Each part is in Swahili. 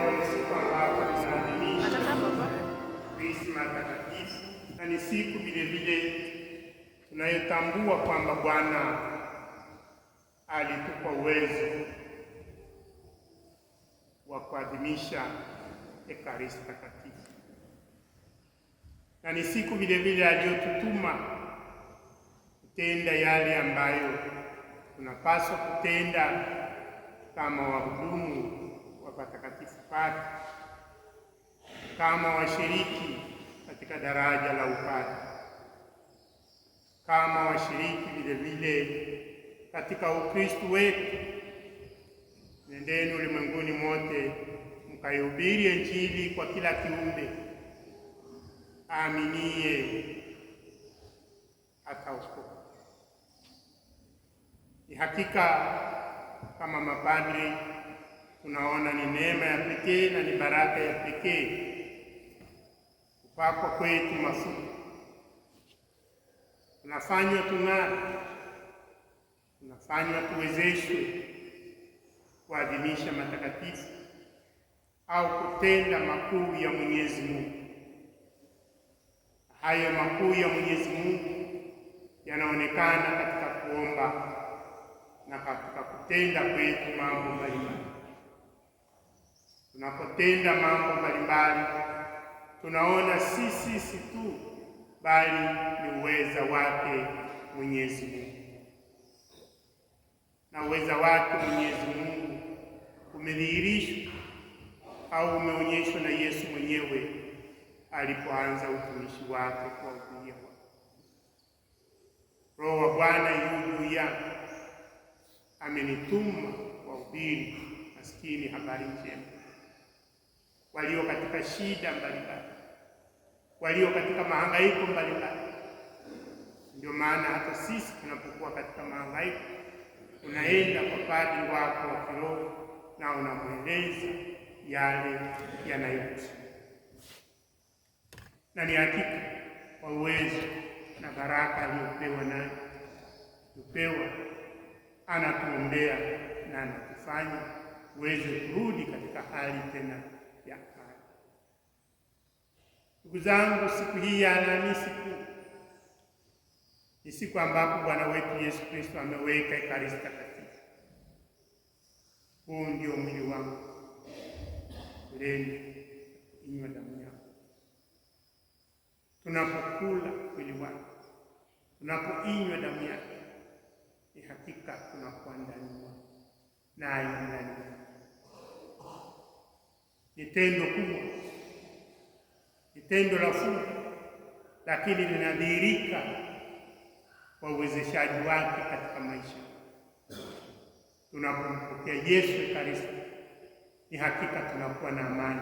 leo ni siku ambapo tunaadhimisha Krisma takatifu na ni siku vile vile tunayotambua kwamba Bwana alitupa uwezo wa kuadhimisha Ekaristi takatifu na ni siku vile vile aliyotutuma kutenda yale ambayo tunapaswa kutenda kama wahudumu wa patakatifu kupata kama washiriki katika daraja la upata, kama washiriki vile vile katika Ukristo wetu. Nendeni ulimwenguni mote mkaihubiri Injili kwa kila kiumbe, aaminie ataokoka. Ni hakika kama mapadri unaona ni neema ya pekee na ni baraka ya pekee kupakwa kwetu mafuta, tunafanywa tung'ara, tunafanywa tuwezeshwe kuadhimisha matakatifu au kutenda makuu ya Mwenyezi Mungu. Hayo makuu ya Mwenyezi Mungu yanaonekana katika kuomba na katika kutenda kwetu mambo mbalimbali. Tunapotenda mambo mbalimbali, tunaona si sisi tu, bali ni uweza wake Mwenyezi Mungu, na uweza wake Mwenyezi Mungu umedhihirishwa au umeonyeshwa na Yesu mwenyewe alipoanza utumishi wake kwa ubia. Roho wa Bwana yu juu yangu, amenituma kwa ubiri maskini habari njema walio katika shida mbalimbali, walio katika mahangaiko mbalimbali. Ndio maana hata sisi tunapokuwa katika mahangaiko, unaenda kwa padri wako wa kiroho na unamweleza yale yanayoti na ni hakika kwa uwezo na baraka aliyopewa naye kupewa anatuombea na anatufanya uweze kurudi katika hali tena Ndugu zangu, siku hii ya Alhamisi Kuu ni siku ambapo Bwana wetu Yesu Kristo ameweka Ekaristi Takatifu. Huu ndio mwili wangu, leni inywa damu yangu. Tunapokula mwili wake, tunapoinywa damu yake, ni hakika tunakuwa ndani naye ndani. Ni tendo kubwa tendo la fuvu, lakini linadhihirika kwa uwezeshaji wake katika maisha. Tunapompokea Yesu Ekaristi, ni hakika tunakuwa na amani,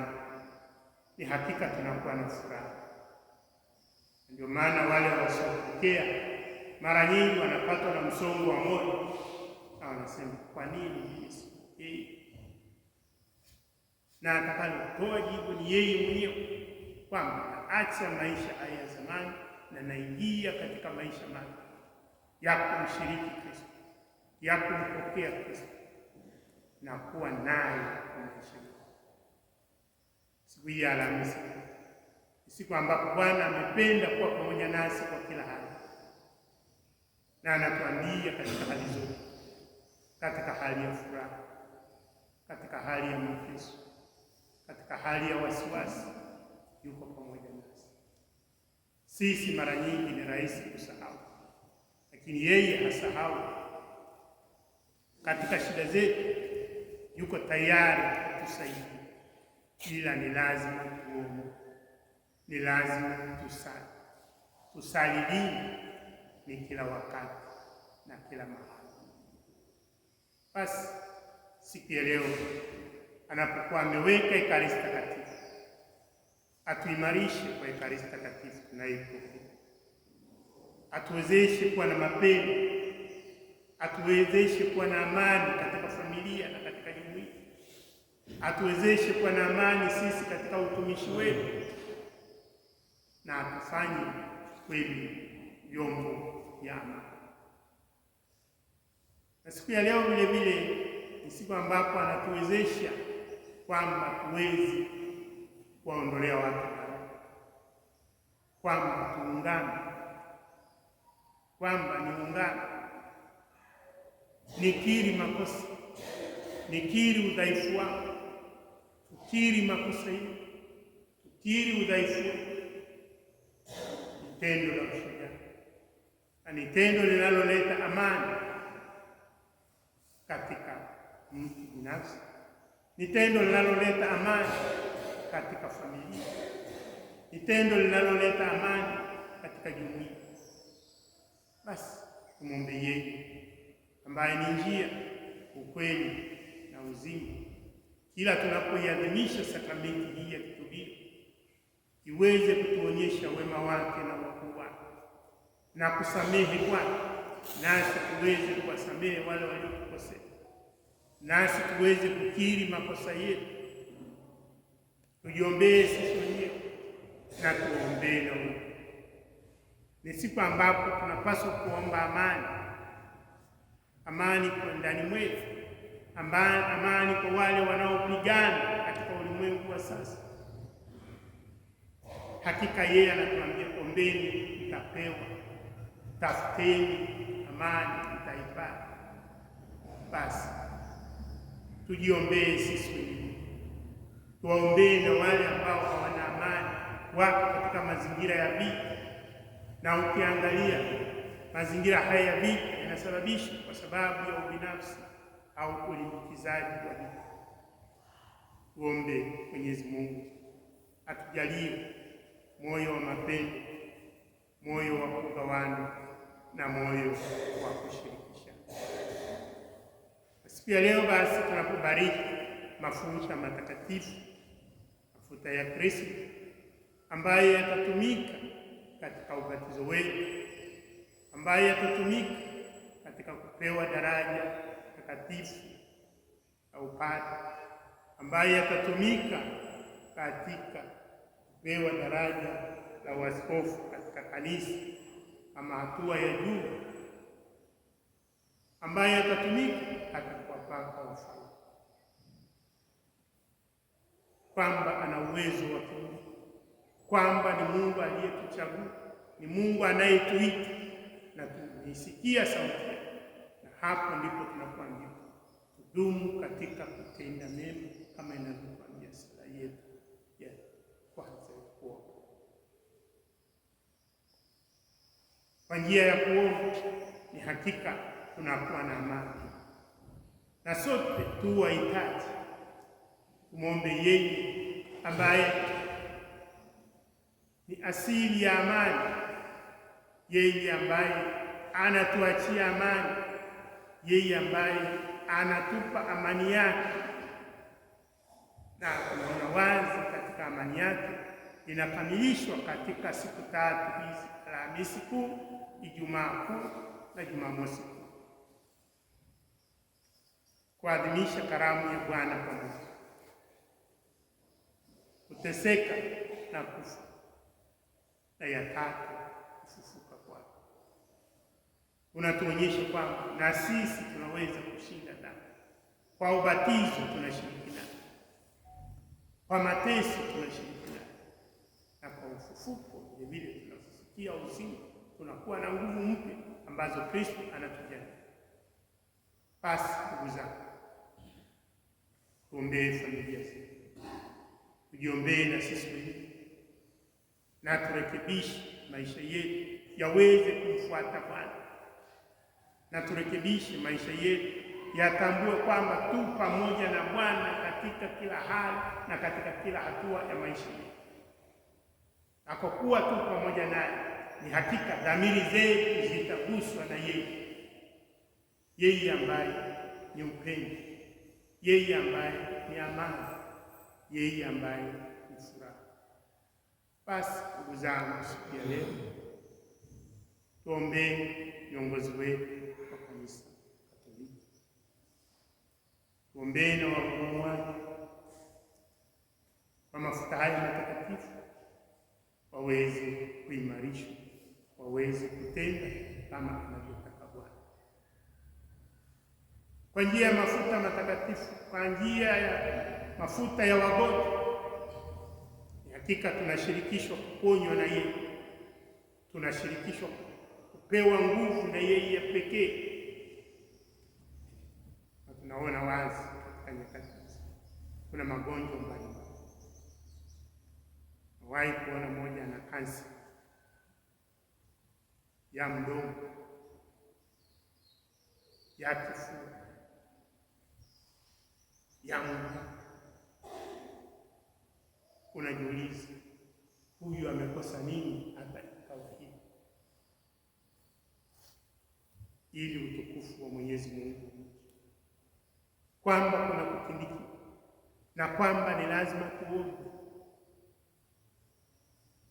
ni hakika tunakuwa na furaha. Ndio maana wale wasiopokea mara nyingi wanapatwa na msongo wa moyo na wanasema, kwa nini Yesu? Na atakalotoa jibu ni yeye mwenyewe kwamba naacha maisha haya ya zamani na naingia katika maisha mapya ya kumshiriki Kristo, ya kumpokea Kristo na kuwa naye kwa maisha. Siku hii ya Alhamisi ni siku ambapo Bwana amependa kuwa pamoja nasi kwa kila hali, na anatuambia katika hali zote, katika hali ya furaha, katika hali ya mateso, katika hali ya wasiwasi yuko pamoja nasi. Sisi mara nyingi ni rahisi kusahau, lakini yeye hasahau. Katika shida zetu yuko tayari kutusaidia, ila ni lazima tuombe, ni lazima tusali. Kusali dini ni kila wakati na kila mahali. Basi siku ya leo anapokuwa ameweka Ekaristi Takatifu atuimarishe kwa Ekaristi Takatifu tunayoipokea, atuwezeshe kuwa na mapendo, atuwezeshe kuwa na amani katika familia na katika jumuiya, atuwezeshe kuwa na amani sisi katika utumishi wetu, na atufanye kweli vyombo vya amani. Na siku ya leo vile vile ni siku ambapo anatuwezesha kwamba tuwezi waondolea watu kwamba tuungane, kwamba niungane, nikiri makosa, nikiri udhaifu wangu, tukiri makosa hiyo, tukiri udhaifu Ni tendo la kushujaa na ni tendo linaloleta amani katika mtu binafsi, ni tendo linaloleta amani katika familia, ni tendo linaloleta amani katika jumuiya. Basi tumwombe yeye ambaye ni njia, ukweli na uzima, kila tunapoiadhimisha sakramenti hii ya kitubio iweze kutuonyesha wema wake na wakuu wake na kusamehe kwake, nasi tuweze kuwasamehe wale waliotukosea, nasi tuweze kukiri makosa yetu tujiombee sisi wenyewe na tuombee na Mungu. Ni siku ambapo tunapaswa kuomba amani, amani kwa ndani mwetu, amani kwa wale wanaopigana katika ulimwengu wa sasa. Hakika yeye anatuambia, ombeni mtapewa, tafuteni amani mtaipata. Basi tujiombee sisi wenyewe. Tuwaombee na wale ambao hawana amani, wako katika mazingira ya bii na ukiangalia mazingira haya ya vita yanasababisha kwa sababu ya ubinafsi au ulimbikizaji wa vita. Tuombe Mwenyezi Mungu atujalie moyo wa mapendo, moyo wa kugawana na moyo wa kushirikisha. Siku ya leo basi tunakubariki mafuta matakatifu mafuta ya Kristo ambaye yatatumika katika ubatizo wetu, ambaye yatatumika katika kupewa daraja takatifu na upate, ambaye yatatumika katika kupewa daraja la uaskofu katika kanisa ama hatua ya juu, ambaye yatatumika katika kuwapaka ufalme kwamba ana uwezo wa kuumba, kwamba ni Mungu aliyetuchagua, ni Mungu anayetuita na tumeisikia sauti yake, na hapo ndipo tunakuambia tudumu katika kutenda mema kama inavyokuambia sala yetu ya kwanza ya kuomba. Kwa njia ya kuomba ni hakika tunakuwa na amani, na sote tu wahitaji kumwombe yeye ambaye ni asili ya amani, yeye ambaye anatuachia amani, yeye ambaye anatupa amani yake, na tunaona wazi katika amani yake inakamilishwa katika siku tatu hizi: Alhamisi Kuu, Ijumaa Kuu na Jumamosi Kuu, kuadhimisha karamu ya Bwana pamoja kuteseka na kufa, na ya tatu kufufuka kwake. Unatuonyesha kwamba na sisi tunaweza kushinda dhambi. Kwa ubatizo tunashiriki naye kwa mateso tunashiriki dhambi, na kwa ufufuko vilevile tunafufukia uzima, tunakuwa na nguvu mpya ambazo Kristo anatujalia. Basi ndugu zangu, tuombee familia zetu tujiombee na sisi wenyewe na turekebishe maisha yetu yaweze kumfuata Bwana, na turekebishe maisha yetu yatambue kwamba tu pamoja na Bwana katika kila hali na katika kila hatua ya maisha yetu, na kwa kuwa tu pamoja naye, ni hakika dhamiri zetu zitaguswa na yeye, yeye ambaye ni upendo, yeye ambaye ni amani yeye ambaye ni furaha. Basi ndugu zangu, siku ya leo tuombee viongozi wetu wa kanisa Katoliki, tuombee na wakuu wake kwa mafuta haya matakatifu waweze kuimarisha waweze kutenda kama anavyotaka Bwana kwa njia ya mafuta matakatifu, kwa njia ya mafuta ya wagonjwa. Hakika tunashirikishwa kuponywa na yeye, tunashirikishwa kupewa nguvu na yeye pekee, na tunaona wazi katika nyakati kuna magonjwa mbalimbali. wai kuona mmoja na kansa ya mdomo ya kifua ya mdomo unajiuliza huyu amekosa nini hata ikawa hivi? Ili utukufu wa Mwenyezi Mungu, kwamba kuna kupindukia na kwamba ni lazima tuombe.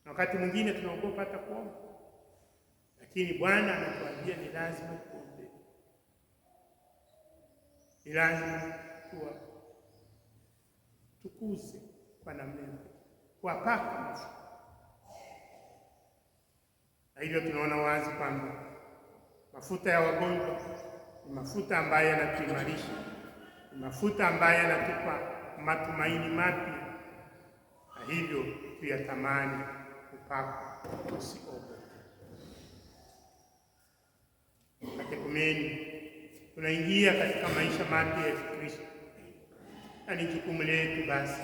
Na wakati mwingine tunaogopa hata kuomba, lakini Bwana anatuambia ni lazima tuombe, ni lazima tuwa tukuze kwa namna wapako. Na hivyo tunaona wazi kwamba mafuta ya wagonjwa ni mafuta ambayo yanatuimarisha, ni mafuta ambayo yanatupa matumaini mapya, na hivyo tuyatamani upako usiogo. Katekumeni, tunaingia katika maisha mapya ya Kikristo na ni jukumu letu basi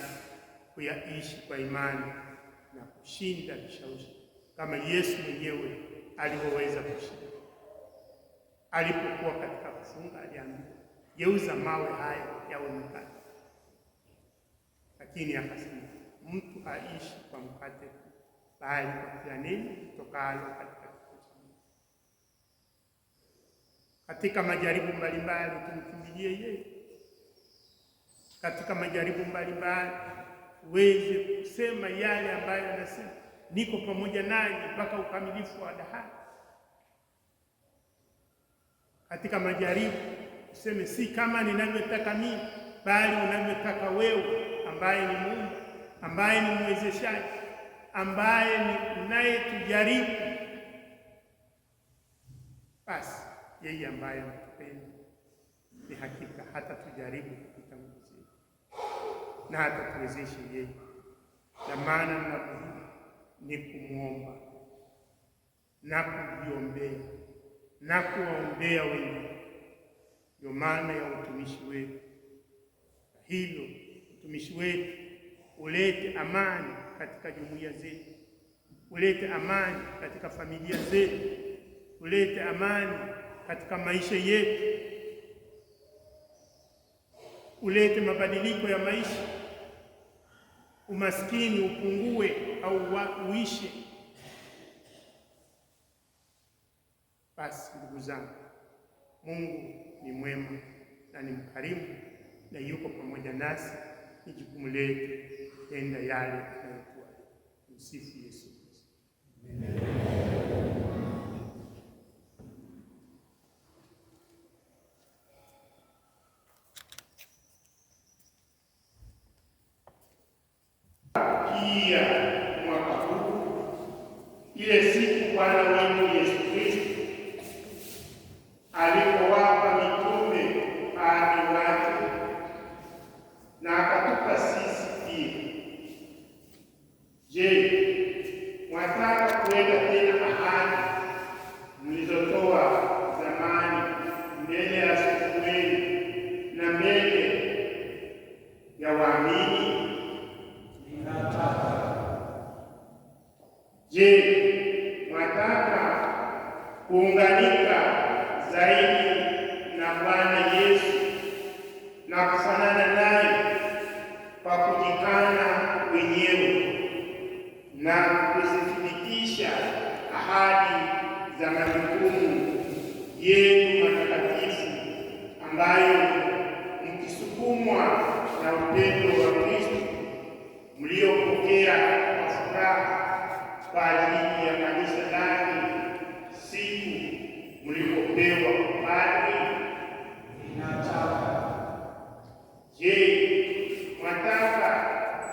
kuyaishi kwa imani na kushinda vishawishi kama Yesu mwenyewe alivyoweza kushinda. Alipokuwa katika kufunga, aliambiwa geuza mawe haya yawe mkate, lakini akasema mtu aishi kwa mkate bali kwa kila neno kutokalo katika katika majaribu mbalimbali tumkimbilie yeye. Katika majaribu mbalimbali uweze kusema yale ambayo anasema niko pamoja nanyi mpaka ukamilifu wa dahari. Katika majaribu useme si kama ninavyotaka mimi, bali unavyotaka wewe, ambaye ni Mungu, ambaye ni mwezeshaji, ambaye ni unayetujaribu. Basi yeye ambaye mtupenda ni hakika hata tujaribu na hata yeye. Na maana ninapohii ni kumwomba na kujiombea na kuwaombea wengine, ndio maana ya utumishi wetu. Hivyo utumishi wetu ulete amani katika jumuiya zetu, ulete amani katika familia zetu, ulete amani katika maisha yetu, ulete mabadiliko ya maisha umaskini upungue au uishe. Basi ndugu zangu, Mungu ni mwema na ni mkarimu na yuko pamoja nasi. Ni jukumu letu tenda yale anayokuwa. Msifu Yesu Kristo. al cantata,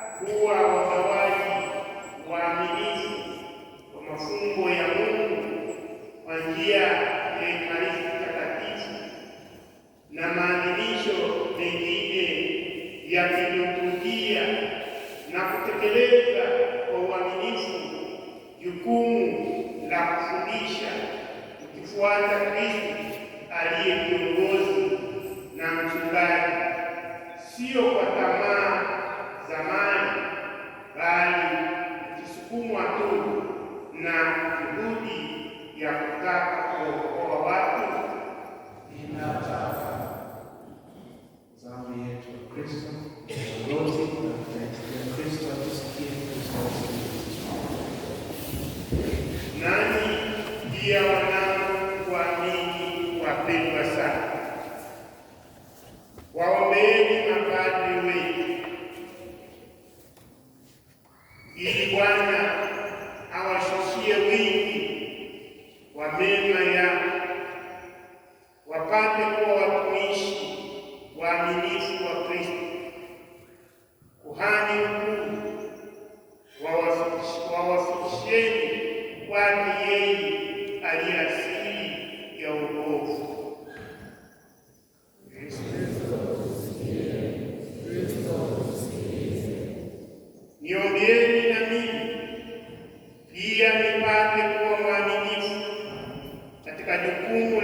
na jukumu